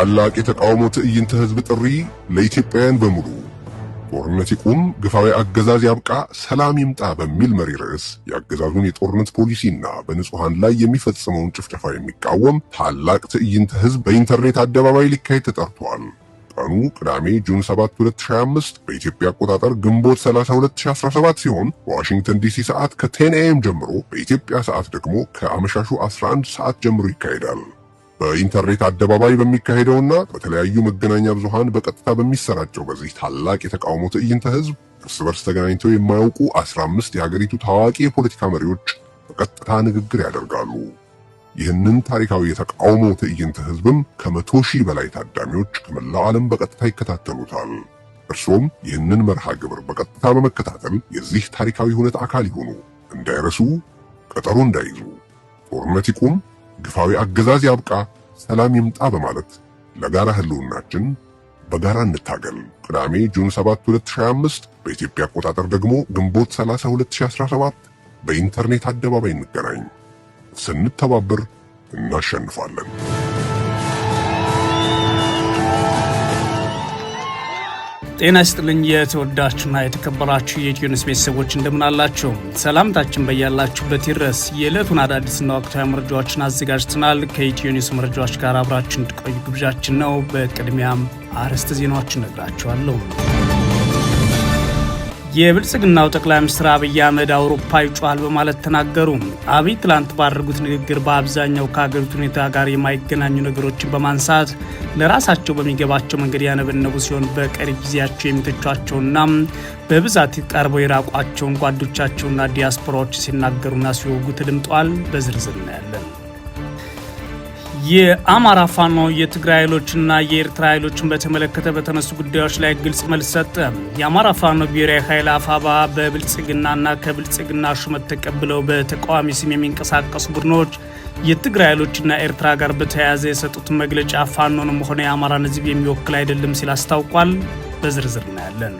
ታላቅ የተቃውሞ ትዕይንተ ህዝብ ጥሪ ለኢትዮጵያውያን በሙሉ ጦርነት ይቁም፣ ግፋዊ አገዛዝ ያብቃ፣ ሰላም ይምጣ በሚል መሪ ርዕስ የአገዛዙን የጦርነት ፖሊሲና በንጹሐን ላይ የሚፈጽመውን ጭፍጨፋ የሚቃወም ታላቅ ትዕይንተ ህዝብ በኢንተርኔት አደባባይ ሊካሄድ ተጠርቷል። ቀኑ ቅዳሜ ጁን 7 2025 በኢትዮጵያ አቆጣጠር ግንቦት 30 2017 ሲሆን በዋሽንግተን ዲሲ ሰዓት ከ10 ኤም ጀምሮ በኢትዮጵያ ሰዓት ደግሞ ከአመሻሹ 11 ሰዓት ጀምሮ ይካሄዳል። በኢንተርኔት አደባባይ በሚካሄደውና በተለያዩ መገናኛ ብዙሃን በቀጥታ በሚሰራጨው በዚህ ታላቅ የተቃውሞ ትዕይንተ ህዝብ እርስ በርስ ተገናኝተው የማያውቁ 15 የሀገሪቱ ታዋቂ የፖለቲካ መሪዎች በቀጥታ ንግግር ያደርጋሉ። ይህንን ታሪካዊ የተቃውሞ ትዕይንተ ህዝብም ከመቶ ሺህ በላይ ታዳሚዎች ከመላው ዓለም በቀጥታ ይከታተሉታል። እርሶም ይህንን መርሃ ግብር በቀጥታ በመከታተል የዚህ ታሪካዊ ሁነት አካል ይሁኑ። እንዳይረሱ፣ ቀጠሮ እንዳይዙ፣ ጦርነት ይቁም ግፋዊ አገዛዝ ያብቃ፣ ሰላም ይምጣ በማለት ለጋራ ህልውናችን በጋራ እንታገል። ቅዳሜ ጁን 7 2025 በኢትዮጵያ አቆጣጠር ደግሞ ግንቦት 30 2017 በኢንተርኔት አደባባይ እንገናኝ። ስንተባብር እናሸንፋለን። ጤና ይስጥልኝ የተወዳችሁና የተከበራችሁ የኢትዮኒውስ ቤተሰቦች እንደምናላችሁ። ሰላምታችን በያላችሁበት ይድረስ። የዕለቱን አዳዲስና ወቅታዊ መረጃዎችን አዘጋጅተናል። ከኢትዮኒውስ መረጃዎች ጋር አብራችሁ እንድትቆዩ ግብዣችን ነው። በቅድሚያም አርዕስተ ዜናዎችን ነግራችኋለሁ። የብልጽግናው ጠቅላይ ሚኒስትር አብይ አህመድ አውሮፓ ይጮሃል በማለት ተናገሩ። አብይ ትላንት ባደረጉት ንግግር በአብዛኛው ከሀገሪቱ ሁኔታ ጋር የማይገናኙ ነገሮችን በማንሳት ለራሳቸው በሚገባቸው መንገድ ያነበነቡ ሲሆን በቀሪ ጊዜያቸው የሚተቿቸውና በብዛት ቀርበው የራቋቸውን ጓዶቻቸውና ዲያስፖራዎች ሲናገሩና ሲወጉ ተደምጠዋል። በዝርዝር እናያለን። የአማራ ፋኖ የትግራይ ኃይሎችና የኤርትራ ኃይሎችን በተመለከተ በተነሱ ጉዳዮች ላይ ግልጽ መልስ ሰጠ። የአማራ ፋኖ ብሔራዊ ኃይል አፋባ በብልጽግናና ከብልጽግና ሹመት ተቀብለው በተቃዋሚ ስም የሚንቀሳቀሱ ቡድኖች የትግራይ ኃይሎችና ኤርትራ ጋር በተያያዘ የሰጡት መግለጫ ፋኖንም ሆነ የአማራን ሕዝብ የሚወክል አይደለም ሲል አስታውቋል። በዝርዝር እናያለን።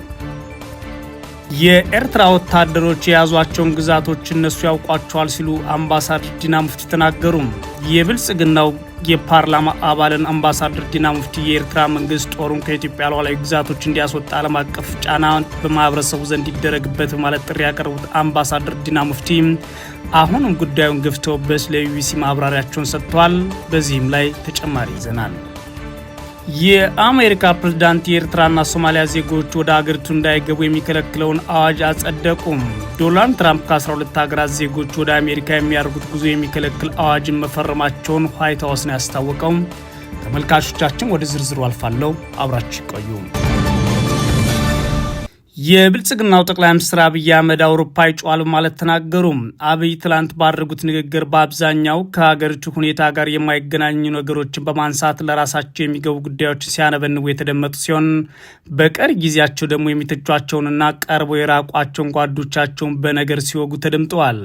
የኤርትራ ወታደሮች የያዟቸውን ግዛቶች እነሱ ያውቋቸዋል ሲሉ አምባሳደር ዲና ሙፍቲ ተናገሩም። የብልጽግናው የፓርላማ አባልን አምባሳደር ዲና ሙፍቲ የኤርትራ መንግስት ጦሩን ከኢትዮጵያ ሉዓላዊ ግዛቶች እንዲያስወጣ ዓለም አቀፍ ጫና በማህበረሰቡ ዘንድ ይደረግበት ማለት ጥሪ ያቀረቡት አምባሳደር ዲና ሙፍቲ አሁንም ጉዳዩን ገፍተውበት ለዩቢሲ ማብራሪያቸውን ሰጥተዋል። በዚህም ላይ ተጨማሪ ይዘናል። የአሜሪካ ፕሬዝዳንት የኤርትራና ሶማሊያ ዜጎች ወደ አገሪቱ እንዳይገቡ የሚከለክለውን አዋጅ አጸደቁም። ዶናልድ ትራምፕ ከ12 ሀገራት ዜጎች ወደ አሜሪካ የሚያደርጉት ጉዞ የሚከለክል አዋጅን መፈረማቸውን ዋይት ሀውስ ነው ያስታወቀው። ተመልካቾቻችን ወደ ዝርዝሩ አልፋለሁ፣ አብራችሁ ይቆዩ። የብልጽግናው ጠቅላይ ሚኒስትር አብይ አህመድ አውሮፓ ይጮዋል ማለት ተናገሩም። አብይ ትላንት ባደረጉት ንግግር በአብዛኛው ከሀገሪቱ ሁኔታ ጋር የማይገናኙ ነገሮችን በማንሳት ለራሳቸው የሚገቡ ጉዳዮችን ሲያነበንቡ የተደመጡ ሲሆን በቀር ጊዜያቸው ደግሞ የሚተቿቸውንና ቀርቦ የራቋቸውን ጓዶቻቸውን በነገር ሲወጉ ተደምጠዋል።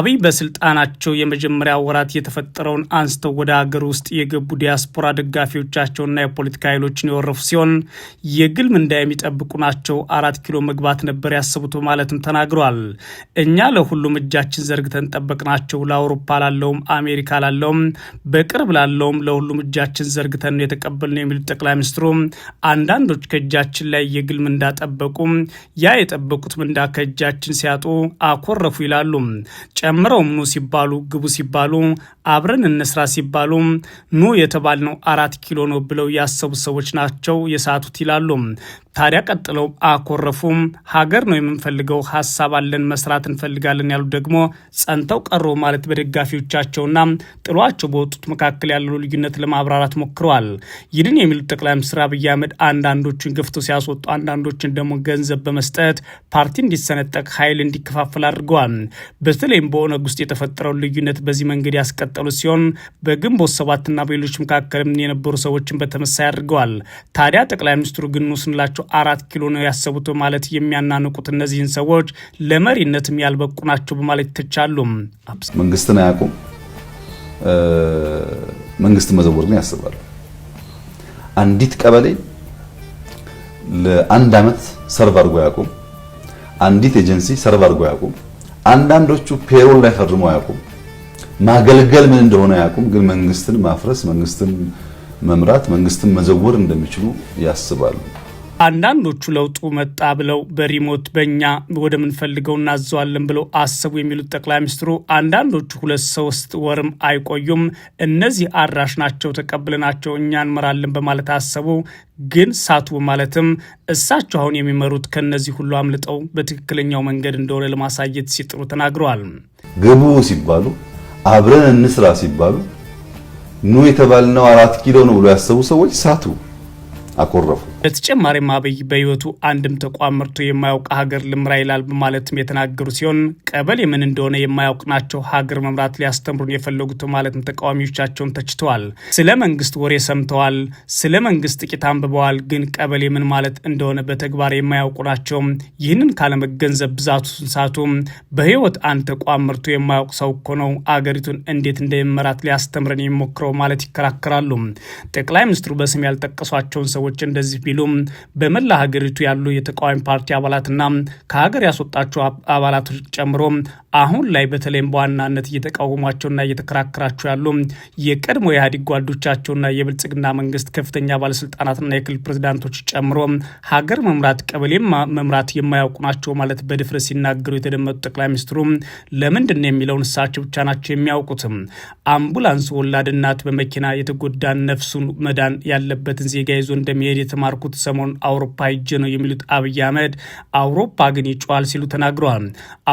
አብይ በስልጣናቸው የመጀመሪያ ወራት የተፈጠረውን አንስተው ወደ ሀገር ውስጥ የገቡ ዲያስፖራ ደጋፊዎቻቸውና የፖለቲካ ኃይሎችን የወረፉ ሲሆን የግል ምንዳ የሚጠብቁ ናቸው አራት ኪሎ መግባት ነበር ያሰቡት በማለትም ተናግሯል። እኛ ለሁሉም እጃችን ዘርግተን ጠበቅናቸው። ለአውሮፓ ላለውም፣ አሜሪካ ላለውም፣ በቅርብ ላለውም ለሁሉም እጃችን ዘርግተን ነው የተቀበልነው የሚሉት ጠቅላይ ሚኒስትሩ አንዳንዶች ከእጃችን ላይ የግል ምንዳ ጠበቁ፣ ያ የጠበቁት ምንዳ ከእጃችን ሲያጡ አኮረፉ ይላሉ። ጨምረውም ኑ ሲባሉ ግቡ ሲባሉ አብረን እንስራ ሲባሉ ኑ የተባልነው አራት ኪሎ ነው ብለው ያሰቡ ሰዎች ናቸው የሳቱት ይላሉ። ታዲያ ቀጥለው አኮረፉም። ሀገር ነው የምንፈልገው፣ ሀሳብ አለን፣ መስራት እንፈልጋለን ያሉ ደግሞ ጸንተው ቀሩ ማለት በደጋፊዎቻቸውና ጥሏቸው በወጡት መካከል ያለው ልዩነት ለማብራራት ሞክረዋል። ይህን የሚሉት ጠቅላይ ሚኒስትር አብይ አህመድ አንዳንዶችን ገፍቶ ሲያስወጡ፣ አንዳንዶችን ደግሞ ገንዘብ በመስጠት ፓርቲ እንዲሰነጠቅ፣ ኃይል እንዲከፋፈል አድርገዋል። በተለይም በኦነግ ውስጥ የተፈጠረው ልዩነት በዚህ መንገድ ያስቀጠሉ ሲሆን በግንቦት ሰባትና በሌሎች መካከልም የነበሩ ሰዎችን በተመሳይ አድርገዋል። ታዲያ ጠቅላይ ሚኒስትሩ ግን ውስንላቸው አራት ኪሎ ነው ያሰቡት በማለት የሚያናንቁት እነዚህን ሰዎች ለመሪነትም ያልበቁ ናቸው በማለት ይተቻሉ። መንግስትን አያውቁም። መንግስትን መዘወር ግን ያስባሉ። አንዲት ቀበሌ ለአንድ ዓመት ሰርቭ አድርጎ አያውቁም። አንዲት ኤጀንሲ ሰርቭ አድርጎ አያውቁም። አንዳንዶቹ ፔሮል ላይ ፈርሞ አያውቁም። ማገልገል ምን እንደሆነ አያውቁም። ግን መንግስትን ማፍረስ፣ መንግስትን መምራት፣ መንግስትን መዘወር እንደሚችሉ ያስባሉ። አንዳንዶቹ ለውጡ መጣ ብለው በሪሞት በእኛ ወደምንፈልገው እናዘዋለን ብለው አሰቡ የሚሉት ጠቅላይ ሚኒስትሩ አንዳንዶቹ ሁለት ሶስት ወርም አይቆዩም። እነዚህ አድራሽ ናቸው፣ ተቀብለናቸው እኛ እንመራለን በማለት አሰቡ። ግን ሳቱ ማለትም እሳቸው አሁን የሚመሩት ከነዚህ ሁሉ አምልጠው በትክክለኛው መንገድ እንደሆነ ለማሳየት ሲጥሩ ተናግረዋል። ግቡ ሲባሉ አብረን እንስራ ሲባሉ ኑ የተባልነው አራት ኪሎ ነው ብሎ ያሰቡ ሰዎች ሳቱ፣ አኮረፉ። በተጨማሪም አብይ በህይወቱ አንድም ተቋም መርቶ የማያውቅ ሀገር ልምራ ይላል በማለትም የተናገሩ ሲሆን ቀበሌ ምን እንደሆነ የማያውቅ ናቸው ሀገር መምራት ሊያስተምሩን የፈለጉት ማለትም ተቃዋሚዎቻቸውን ተችተዋል። ስለ መንግስት ወሬ ሰምተዋል፣ ስለ መንግስት ጥቂት አንብበዋል። ግን ቀበሌ ምን ማለት እንደሆነ በተግባር የማያውቁ ናቸው። ይህንን ካለመገንዘብ ብዛቱ ስንሳቱ በህይወት አንድ ተቋም መርቶ የማያውቅ ሰው እኮ ነው አገሪቱን እንዴት እንደሚመራት ሊያስተምረን የሚሞክረው ማለት ይከራከራሉ። ጠቅላይ ሚኒስትሩ በስም ያልጠቀሷቸውን ሰዎች እንደዚህ ቢሉም በመላ ሀገሪቱ ያሉ የተቃዋሚ ፓርቲ አባላትና ከሀገር ያስወጣቸው አባላት ጨምሮ አሁን ላይ በተለይም በዋናነት እየተቃወሟቸውና እየተከራከራቸው ያሉ የቀድሞ የኢህአዴግ ጓዶቻቸውና የብልጽግና መንግስት ከፍተኛ ባለስልጣናትና የክልል ፕሬዚዳንቶች ጨምሮ ሀገር መምራት ቀበሌ መምራት የማያውቁ ናቸው ማለት በድፍረት ሲናገሩ የተደመጡ ጠቅላይ ሚኒስትሩ ለምንድን የሚለውን እሳቸው ብቻ ናቸው የሚያውቁትም። አምቡላንስ ወላድ እናት በመኪና የተጎዳን ነፍሱን መዳን ያለበትን ዜጋ ይዞ እንደሚሄድ የተማርኩ ያልኩት ሰሞን አውሮፓ ሄጄ ነው የሚሉት አብይ አህመድ አውሮፓ ግን ይጮኋል ሲሉ ተናግረዋል።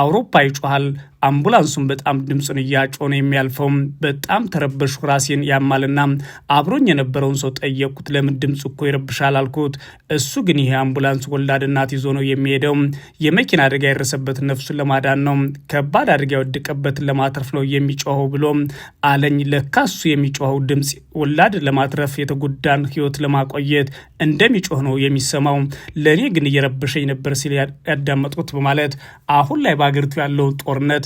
አውሮፓ ይጮኋል አምቡላንሱን በጣም ድምፁን እያጮነ ነው የሚያልፈው። በጣም ተረበሽኩ። ራሴን ያማልና አብሮኝ የነበረውን ሰው ጠየቅኩት። ለምን ድምፅ እኮ ይረብሻል አልኩት። እሱ ግን ይሄ አምቡላንስ ወላድ እናት ይዞ ነው የሚሄደው። የመኪና አደጋ የደረሰበትን ነፍሱን ለማዳን ነው፣ ከባድ አደጋ የወደቀበትን ለማትረፍ ነው የሚጮኸው ብሎ አለኝ። ለካ እሱ የሚጮኸው ድምፅ ወላድ ለማትረፍ የተጎዳን ህይወት ለማቆየት እንደሚጮህ ነው የሚሰማው። ለእኔ ግን እየረበሸኝ ነበር ሲል ያዳመጡት በማለት አሁን ላይ በሀገሪቱ ያለውን ጦርነት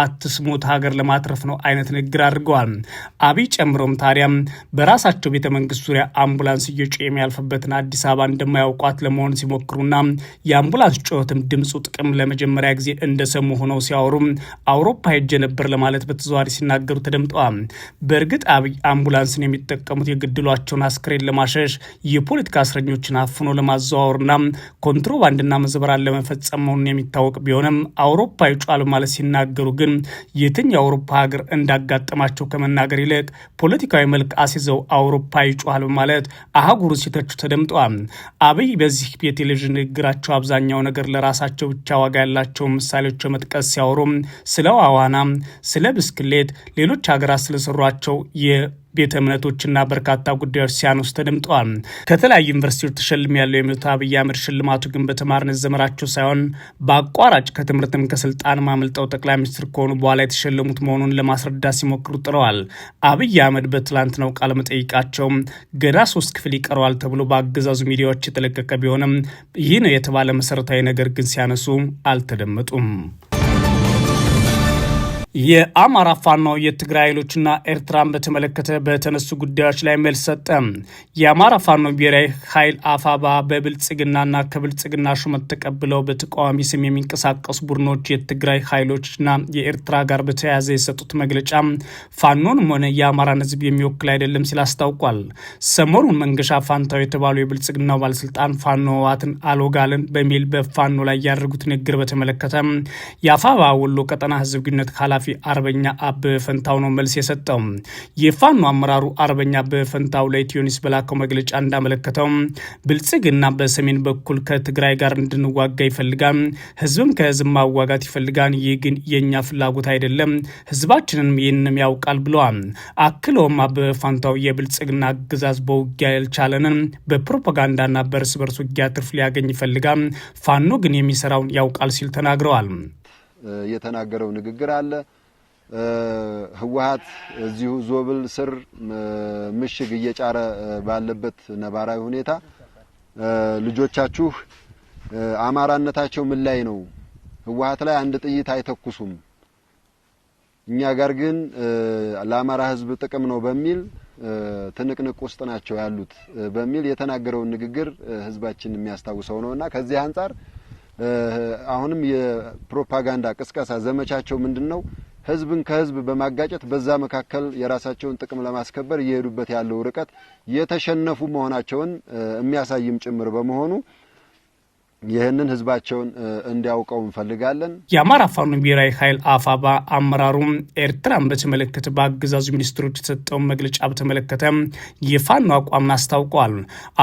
አትስሙት ሀገር ለማትረፍ ነው አይነት ንግግር አድርገዋል። አብይ ጨምሮም ታዲያም በራሳቸው ቤተ መንግስት ዙሪያ አምቡላንስ እየጮ የሚያልፍበትን አዲስ አበባ እንደማያውቋት ለመሆን ሲሞክሩና የአምቡላንስ ጩኸትም ድምፁ ጥቅም ለመጀመሪያ ጊዜ እንደሰሙ ሆነው ሲያወሩ አውሮፓ ሄጄ ነበር ለማለት በተዘዋዋሪ ሲናገሩ ተደምጠዋል። በእርግጥ አብይ አምቡላንስን የሚጠቀሙት የግድሏቸውን አስክሬን ለማሸሽ የፖለቲካ እስረኞችን አፍኖ ለማዘዋወርና ኮንትሮባንድና መዘበራን ለመፈጸም መሆኑን የሚታወቅ ቢሆንም አውሮፓ ይጯል ማለት ሲናገሩ ግን የትኛው የአውሮፓ ሀገር እንዳጋጠማቸው ከመናገር ይልቅ ፖለቲካዊ መልክ አስይዘው አውሮፓ ይጮኋል በማለት አህጉር ሲተቹ ተደምጠዋል። አብይ በዚህ የቴሌቪዥን ንግግራቸው አብዛኛው ነገር ለራሳቸው ብቻ ዋጋ ያላቸው ምሳሌዎች መጥቀስ ሲያወሩም ስለ ዋዋና፣ ስለ ብስክሌት ሌሎች ሀገራት ስለሰሯቸው ቤተ እምነቶችና በርካታ ጉዳዮች ሲያነሱ ተደምጠዋል። ከተለያዩ ዩኒቨርሲቲዎች ተሸልም ያለው የሚሉት አብይ አህመድ ሽልማቱ ግን በተማርነት ዘመራቸው ሳይሆን በአቋራጭ ከትምህርትም ከስልጣን ማምልጠው ጠቅላይ ሚኒስትር ከሆኑ በኋላ የተሸለሙት መሆኑን ለማስረዳት ሲሞክሩ ጥለዋል። አብይ አህመድ በትላንትናው ቃለ መጠይቃቸውም ገና ሶስት ክፍል ይቀረዋል ተብሎ በአገዛዙ ሚዲያዎች የተለቀቀ ቢሆንም ይህ ነው የተባለ መሰረታዊ ነገር ግን ሲያነሱ አልተደመጡም። የአማራ ፋኖ የትግራይ ኃይሎችና ኤርትራን በተመለከተ በተነሱ ጉዳዮች ላይ መልስ ሰጠ። የአማራ ፋኖ ብሔራዊ ኃይል አፋባ በብልጽግናና ከብልጽግና ሹመት ተቀብለው በተቃዋሚ ስም የሚንቀሳቀሱ ቡድኖች የትግራይ ኃይሎችና የኤርትራ ጋር በተያያዘ የሰጡት መግለጫ ፋኖንም ሆነ የአማራን ህዝብ የሚወክል አይደለም ሲል አስታውቋል። ሰሞኑን መንገሻ ፋንታው የተባሉ የብልጽግናው ባለስልጣን ፋኖ ህወሓትን አልወጋልን በሚል በፋኖ ላይ ያደረጉት ንግግር በተመለከተ የአፋባ ወሎ ቀጠና ሕዝብ ግንኙነት ኃላፊ ኃላፊ አርበኛ አበበ ፈንታው ነው መልስ የሰጠው። የፋኖ አመራሩ አርበኛ አበበ ፈንታው ለኢትዮኒስ በላከው መግለጫ እንዳመለከተው ብልጽግና በሰሜን በኩል ከትግራይ ጋር እንድንዋጋ ይፈልጋል፣ ህዝብም ከህዝብ ማዋጋት ይፈልጋል። ይህ ግን የእኛ ፍላጎት አይደለም፣ ህዝባችንም ይህንም ያውቃል ብለዋል። አክለውም አበበ ፈንታው የብልጽግና አገዛዝ በውጊያ ያልቻለንን በፕሮፓጋንዳና በእርስ በርስ ውጊያ ትርፍ ሊያገኝ ይፈልጋል፣ ፋኖ ግን የሚሰራውን ያውቃል ሲል ተናግረዋል። የተናገረው ንግግር አለ። ህወሓት እዚሁ ዞብል ስር ምሽግ እየጫረ ባለበት ነባራዊ ሁኔታ ልጆቻችሁ አማራነታቸው ምን ላይ ነው? ህወሓት ላይ አንድ ጥይት አይተኩሱም፣ እኛ ጋር ግን ለአማራ ህዝብ ጥቅም ነው በሚል ትንቅንቅ ውስጥ ናቸው ያሉት በሚል የተናገረውን ንግግር ህዝባችን የሚያስታውሰው ነውና ከዚህ አንጻር አሁንም የፕሮፓጋንዳ ቅስቀሳ ዘመቻቸው ምንድን ነው? ህዝብን ከህዝብ በማጋጨት በዛ መካከል የራሳቸውን ጥቅም ለማስከበር እየሄዱበት ያለው ርቀት የተሸነፉ መሆናቸውን የሚያሳይም ጭምር በመሆኑ ይህንን ህዝባቸውን እንዲያውቀው እንፈልጋለን። የአማራ ፋኖ ብሔራዊ ኃይል አፋባ አመራሩም ኤርትራን በተመለከተ በአገዛዙ ሚኒስትሮች የተሰጠውን መግለጫ በተመለከተ የፋኖ አቋም አስታውቀዋል።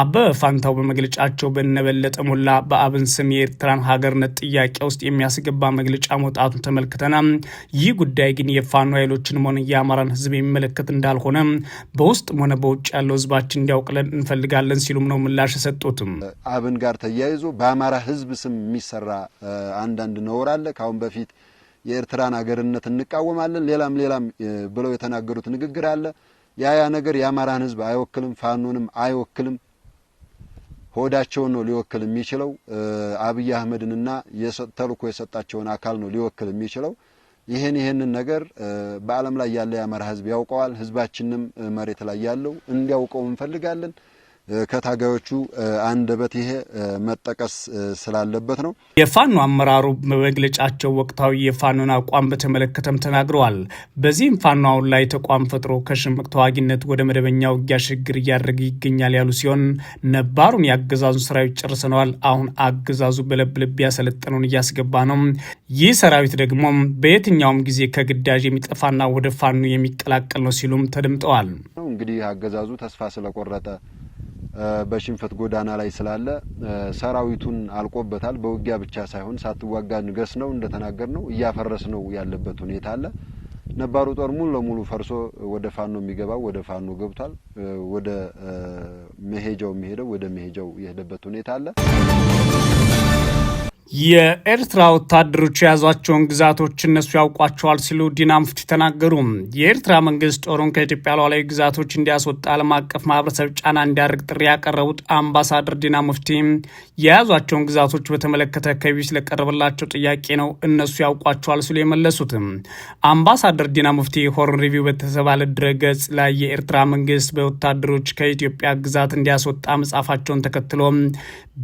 አበበ ፋንታው በመግለጫቸው በነበለጠ ሞላ በአብን ስም የኤርትራን ሀገርነት ጥያቄ ውስጥ የሚያስገባ መግለጫ መውጣቱን ተመልክተና ይህ ጉዳይ ግን የፋኖ ኃይሎችንም ሆነ የአማራን ህዝብ የሚመለከት እንዳልሆነ በውስጥም ሆነ በውጭ ያለው ህዝባችን እንዲያውቅለን እንፈልጋለን ሲሉም ነው ምላሽ የሰጡትም አብን ጋር ተያይዞ በአማራ ህዝብ ስም የሚሰራ አንዳንድ ነውር አለ። ካሁን በፊት የኤርትራን አገርነት እንቃወማለን ሌላም ሌላም ብለው የተናገሩት ንግግር አለ። ያ ያ ነገር የአማራን ህዝብ አይወክልም፣ ፋኖንም አይወክልም። ሆዳቸውን ነው ሊወክል የሚችለው። አብይ አህመድንና ተልእኮ የሰጣቸውን አካል ነው ሊወክል የሚችለው። ይህን ይህንን ነገር በዓለም ላይ ያለ የአማራ ህዝብ ያውቀዋል። ህዝባችንም መሬት ላይ ያለው እንዲያውቀው እንፈልጋለን። ከታጋዮቹ አንደበት ይሄ መጠቀስ ስላለበት ነው። የፋኖ አመራሩ በመግለጫቸው ወቅታዊ የፋኖን አቋም በተመለከተም ተናግረዋል። በዚህም ፋኖ አሁን ላይ ተቋም ፈጥሮ ከሽምቅ ተዋጊነት ወደ መደበኛ ውጊያ ሽግግር እያደረገ ይገኛል ያሉ ሲሆን ነባሩን የአገዛዙ ሰራዊት ጨርሰነዋል። አሁን አገዛዙ በለብልብ ያሰለጠነውን እያስገባ ነው። ይህ ሰራዊት ደግሞ በየትኛውም ጊዜ ከግዳጅ የሚጠፋና ወደ ፋኖ የሚቀላቀል ነው ሲሉም ተደምጠዋል። እንግዲህ አገዛዙ ተስፋ ስለቆረጠ በሽንፈት ጎዳና ላይ ስላለ ሰራዊቱን አልቆበታል። በውጊያ ብቻ ሳይሆን ሳትዋጋ ንገስ ነው እንደተናገር ነው እያፈረስ ነው ያለበት ሁኔታ አለ። ነባሩ ጦር ሙሉ ለሙሉ ፈርሶ ወደ ፋኖ የሚገባው ወደ ፋኖ ገብቷል። ወደ መሄጃው የሚሄደው ወደ መሄጃው የሄደበት ሁኔታ አለ። የኤርትራ ወታደሮች የያዟቸውን ግዛቶች እነሱ ያውቋቸዋል ሲሉ ዲና ሙፍቲ ተናገሩ። የኤርትራ መንግስት ጦሩን ከኢትዮጵያ ሉዓላዊ ግዛቶች እንዲያስወጣ ዓለም አቀፍ ማህበረሰብ ጫና እንዲያደርግ ጥሪ ያቀረቡት አምባሳደር ዲና ሙፍቲ የያዟቸውን ግዛቶች በተመለከተ ከቢቢሲ ለቀረበላቸው ጥያቄ ነው እነሱ ያውቋቸዋል ሲሉ የመለሱት። አምባሳደር ዲና ሙፍቲ ሆርን ሪቪው በተባለ ድረገጽ ላይ የኤርትራ መንግስት በወታደሮች ከኢትዮጵያ ግዛት እንዲያስወጣ መጻፋቸውን ተከትሎ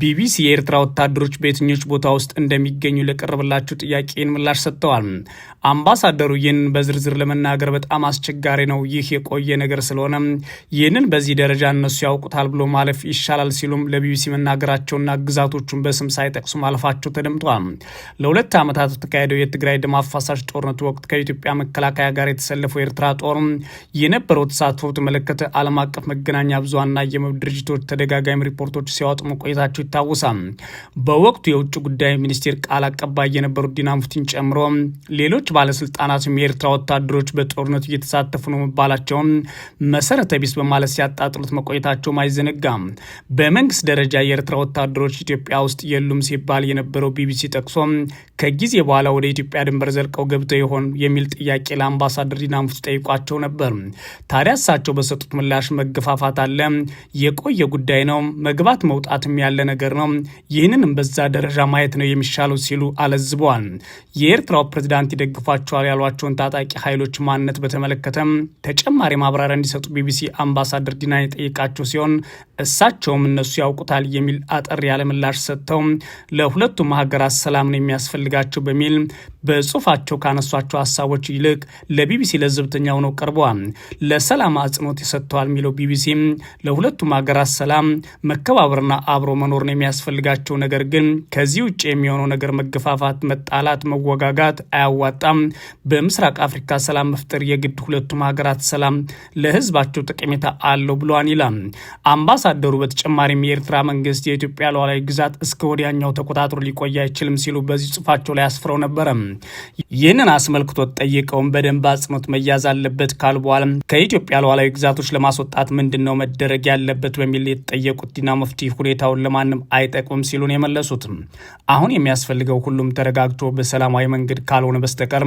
ቢቢሲ የኤርትራ ወታደሮች በየትኞች ቦታ ውስጥ እንደሚገኙ ለቀረበላቸው ጥያቄን ምላሽ ሰጥተዋል። አምባሳደሩ ይህንን በዝርዝር ለመናገር በጣም አስቸጋሪ ነው፣ ይህ የቆየ ነገር ስለሆነ ይህንን በዚህ ደረጃ እነሱ ያውቁታል ብሎ ማለፍ ይሻላል ሲሉም ለቢቢሲ መናገራቸውና ግዛቶቹን በስም ሳይጠቅሱ ማለፋቸው ተደምጠዋል። ለሁለት ዓመታት በተካሄደው የትግራይ ደም አፋሳሽ ጦርነት ወቅት ከኢትዮጵያ መከላከያ ጋር የተሰለፈው የኤርትራ ጦር የነበረው ተሳትፎ በተመለከተ ዓለም አቀፍ መገናኛ ብዙሃንና የመብት ድርጅቶች ተደጋጋሚ ሪፖርቶች ሲያወጡ መቆየታቸው ይታወሳል። በወቅቱ የውጭ ጉዳይ ሚኒስቴር ቃል አቀባይ የነበሩ ዲና ሙፍቲን ጨምሮ ሌሎች ባለስልጣናትም የኤርትራ ወታደሮች በጦርነቱ እየተሳተፉ ነው መባላቸውን መሰረተ ቢስ በማለት ሲያጣጥሉት መቆየታቸውም አይዘነጋም። በመንግስት ደረጃ የኤርትራ ወታደሮች ኢትዮጵያ ውስጥ የሉም ሲባል የነበረው ቢቢሲ ጠቅሶ ከጊዜ በኋላ ወደ ኢትዮጵያ ድንበር ዘልቀው ገብተው ይሆን የሚል ጥያቄ ለአምባሳደር ዲና ሙፍቲ ጠይቋቸው ነበር። ታዲያ እሳቸው በሰጡት ምላሽ መገፋፋት አለ፣ የቆየ ጉዳይ ነው፣ መግባት መውጣትም ያለ ነገር ነው። ይህንንም በዛ ደረጃ ማየት ነው የሚሻለው ሲሉ አለዝበዋል። የኤርትራው ፕሬዝዳንት ይደግፏቸዋል ያሏቸውን ታጣቂ ኃይሎች ማንነት በተመለከተም ተጨማሪ ማብራሪያ እንዲሰጡ ቢቢሲ አምባሳደር ዲና የጠየቃቸው ሲሆን እሳቸውም እነሱ ያውቁታል የሚል አጠር ያለ ምላሽ ሰጥተው ለሁለቱም ሀገራት ሰላም ነው የሚያስፈልጋቸው በሚል በጽሁፋቸው ካነሷቸው ሀሳቦች ይልቅ ለቢቢሲ ለዘብተኛ ሆነው ቀርበዋል። ለሰላም አጽንኦት ሰጥተዋል የሚለው ቢቢሲ ለሁለቱም ሀገራት ሰላም መከባበርና አብሮ መኖር መኖር ነው የሚያስፈልጋቸው። ነገር ግን ከዚህ ውጭ የሚሆነው ነገር መገፋፋት፣ መጣላት፣ መወጋጋት አያዋጣም። በምስራቅ አፍሪካ ሰላም መፍጠር የግድ ሁለቱም ሀገራት ሰላም ለህዝባቸው ጠቀሜታ አለው ብለዋል ይላል አምባሳደሩ። በተጨማሪም የኤርትራ መንግስት የኢትዮጵያ ሉዓላዊ ግዛት እስከ ወዲያኛው ተቆጣጥሮ ሊቆይ አይችልም ሲሉ በዚህ ጽሁፋቸው ላይ አስፍረው ነበረ። ይህንን አስመልክቶ ጠይቀውን በደንብ አጽንኦት መያዝ አለበት ካሉ በኋላ ከኢትዮጵያ ሉዓላዊ ግዛቶች ለማስወጣት ምንድን ነው መደረግ ያለበት በሚል የተጠየቁት ዲና ሙፍቲ ሁኔታውን ለማ ለማንም አይጠቅምም ሲሉን የመለሱት አሁን የሚያስፈልገው ሁሉም ተረጋግቶ በሰላማዊ መንገድ ካልሆነ በስተቀር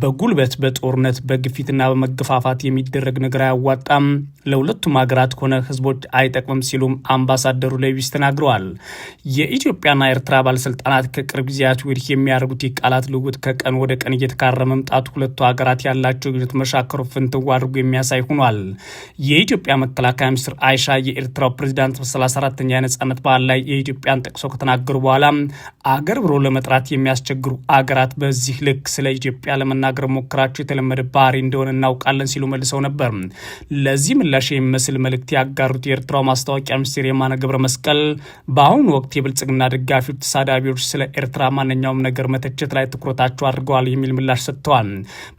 በጉልበት በጦርነት በግፊትና በመገፋፋት የሚደረግ ነገር አያዋጣም፣ ለሁለቱም ሀገራት ሆነ ህዝቦች አይጠቅምም ሲሉም አምባሳደሩ ለቢቢሲ ተናግረዋል። የኢትዮጵያና ኤርትራ ባለስልጣናት ከቅርብ ጊዜያት ወዲህ የሚያደርጉት የቃላት ልውውጥ ከቀን ወደ ቀን እየተካረ መምጣቱ ሁለቱ ሀገራት ያላቸው ግንኙነት መሻከሩ ፍንትው አድርጎ የሚያሳይ ሆኗል። የኢትዮጵያ መከላከያ ሚኒስትር አይሻ የኤርትራው ፕሬዚዳንት በ 34 ተኛ የነጻነት በዓል ላይ የኢትዮጵያን ጠቅሰው ከተናገሩ በኋላ አገር ብሎ ለመጥራት የሚያስቸግሩ አገራት በዚህ ልክ ስለ ኢትዮጵያ ለመናገር ሞከራቸው የተለመደ ባህሪ እንደሆነ እናውቃለን ሲሉ መልሰው ነበር። ለዚህ ምላሽ የሚመስል መልእክት ያጋሩት የኤርትራው ማስታወቂያ ሚኒስትር የማነ ገብረ መስቀል በአሁኑ ወቅት የብልጽግና ደጋፊዎች ተሳዳቢዎች ስለ ኤርትራ ማንኛውም ነገር መተቸት ላይ ትኩረታቸው አድርገዋል የሚል ምላሽ ሰጥተዋል።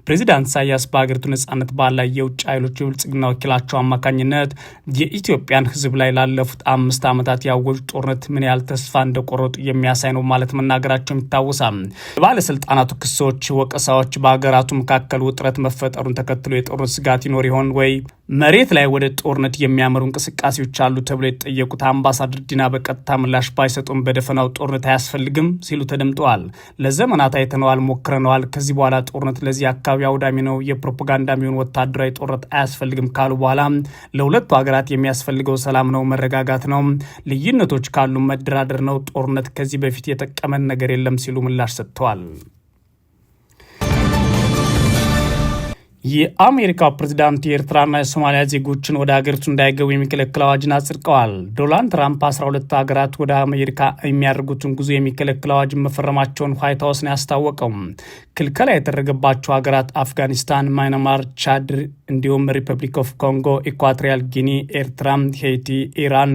ፕሬዚዳንት ኢሳያስ በሀገሪቱ ነጻነት በዓል ላይ የውጭ ኃይሎች የብልጽግና ወኪላቸው አማካኝነት የኢትዮጵያን ህዝብ ላይ ላለፉት አምስት ዓመታት ያወጁ ጦርነት ምን ያህል ተስፋ እንደቆረጡ የሚያሳይ ነው ማለት መናገራቸውም ይታወሳል። የባለስልጣናቱ ክሶች፣ ወቀሳዎች በሀገራቱ መካከል ውጥረት መፈጠሩን ተከትሎ የጦርነት ስጋት ይኖር ይሆን ወይ መሬት ላይ ወደ ጦርነት የሚያመሩ እንቅስቃሴዎች አሉ ተብሎ የተጠየቁት አምባሳደር ዲና በቀጥታ ምላሽ ባይሰጡም በደፈናው ጦርነት አያስፈልግም ሲሉ ተደምጠዋል። ለዘመናት አይተነዋል፣ ሞክረነዋል። ከዚህ በኋላ ጦርነት ለዚህ አካባቢ አውዳሚ ነው፣ የፕሮፓጋንዳ የሚሆን ወታደራዊ ጦርነት አያስፈልግም ካሉ በኋላ ለሁለቱ ሀገራት የሚያስፈልገው ሰላም ነው፣ መረጋጋት ነው፣ ልዩነቶች ካሉ መደራደር ነው። ጦርነት ከዚህ በፊት የጠቀመን ነገር የለም ሲሉ ምላሽ ሰጥተዋል። የአሜሪካ ፕሬዚዳንት የኤርትራና የሶማሊያ ዜጎችን ወደ ሀገሪቱ እንዳይገቡ የሚከለክል አዋጅን አጽድቀዋል። ዶናልድ ትራምፕ ሁለት ሀገራት ወደ አሜሪካ የሚያደርጉትን ጉዞ የሚከለክል አዋጅን መፈረማቸውን ዋይት ሀውስ ነው ያስታወቀው። ክልከላ የተደረገባቸው ሀገራት አፍጋኒስታን፣ ማይናማር፣ ቻድ እንዲሁም ሪፐብሊክ ኦፍ ኮንጎ፣ ኢኳቶሪያል ጊኒ፣ ኤርትራ፣ ሄይቲ፣ ኢራን፣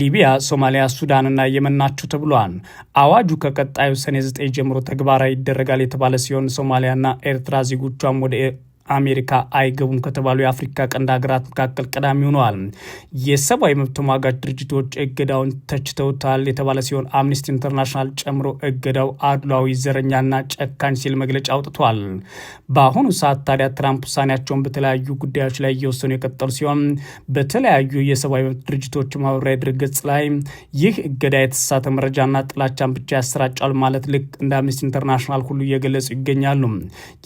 ሊቢያ፣ ሶማሊያ፣ ሱዳንና የመን ናቸው ተብሏል። አዋጁ ከቀጣዩ ሰኔ 9 ጀምሮ ተግባራዊ ይደረጋል የተባለ ሲሆን ሶማሊያና ኤርትራ ዜጎቿም ወደ አሜሪካ አይገቡም ከተባሉ የአፍሪካ ቀንድ ሀገራት መካከል ቀዳሚ ሆነዋል። የሰብአዊ መብት ተሟጋች ድርጅቶች እገዳውን ተችተውታል የተባለ ሲሆን አምነስቲ ኢንተርናሽናል ጨምሮ እገዳው አድሏዊ፣ ዘረኛና ጨካኝ ሲል መግለጫ አውጥቷል። በአሁኑ ሰዓት ታዲያ ትራምፕ ውሳኔያቸውን በተለያዩ ጉዳዮች ላይ እየወሰኑ የቀጠሉ ሲሆን በተለያዩ የሰብአዊ መብት ድርጅቶች ማህበራዊ ድረገጽ ላይ ይህ እገዳ የተሳሳተ መረጃና ጥላቻን ብቻ ያሰራጫል ማለት ልክ እንደ አምነስቲ ኢንተርናሽናል ሁሉ እየገለጹ ይገኛሉ።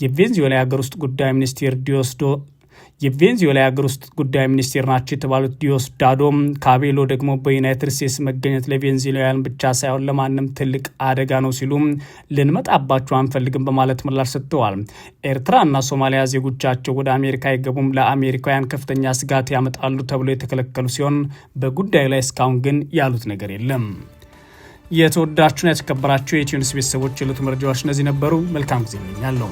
የቬንዙዌላ የሀገር ውስጥ ጉዳይ ሚኒስ ሚኒስቴር ዲዮስዶ የቬንዙዌላ የሀገር ውስጥ ጉዳይ ሚኒስቴር ናቸው የተባሉት ዲዮስዳዶ ካቤሎ ደግሞ በዩናይትድ ስቴትስ መገኘት ለቬንዙዌላውያን ብቻ ሳይሆን ለማንም ትልቅ አደጋ ነው ሲሉ ልንመጣባቸው አንፈልግም በማለት ምላሽ ሰጥተዋል። ኤርትራና ሶማሊያ ዜጎቻቸው ወደ አሜሪካ አይገቡም፣ ለአሜሪካውያን ከፍተኛ ስጋት ያመጣሉ ተብሎ የተከለከሉ ሲሆን በጉዳዩ ላይ እስካሁን ግን ያሉት ነገር የለም። የተወዳችሁና የተከበራቸው የኢትዮ ኒውስ ቤተሰቦች የዕለቱ መረጃዎች እነዚህ ነበሩ። መልካም ጊዜ እመኛለሁ።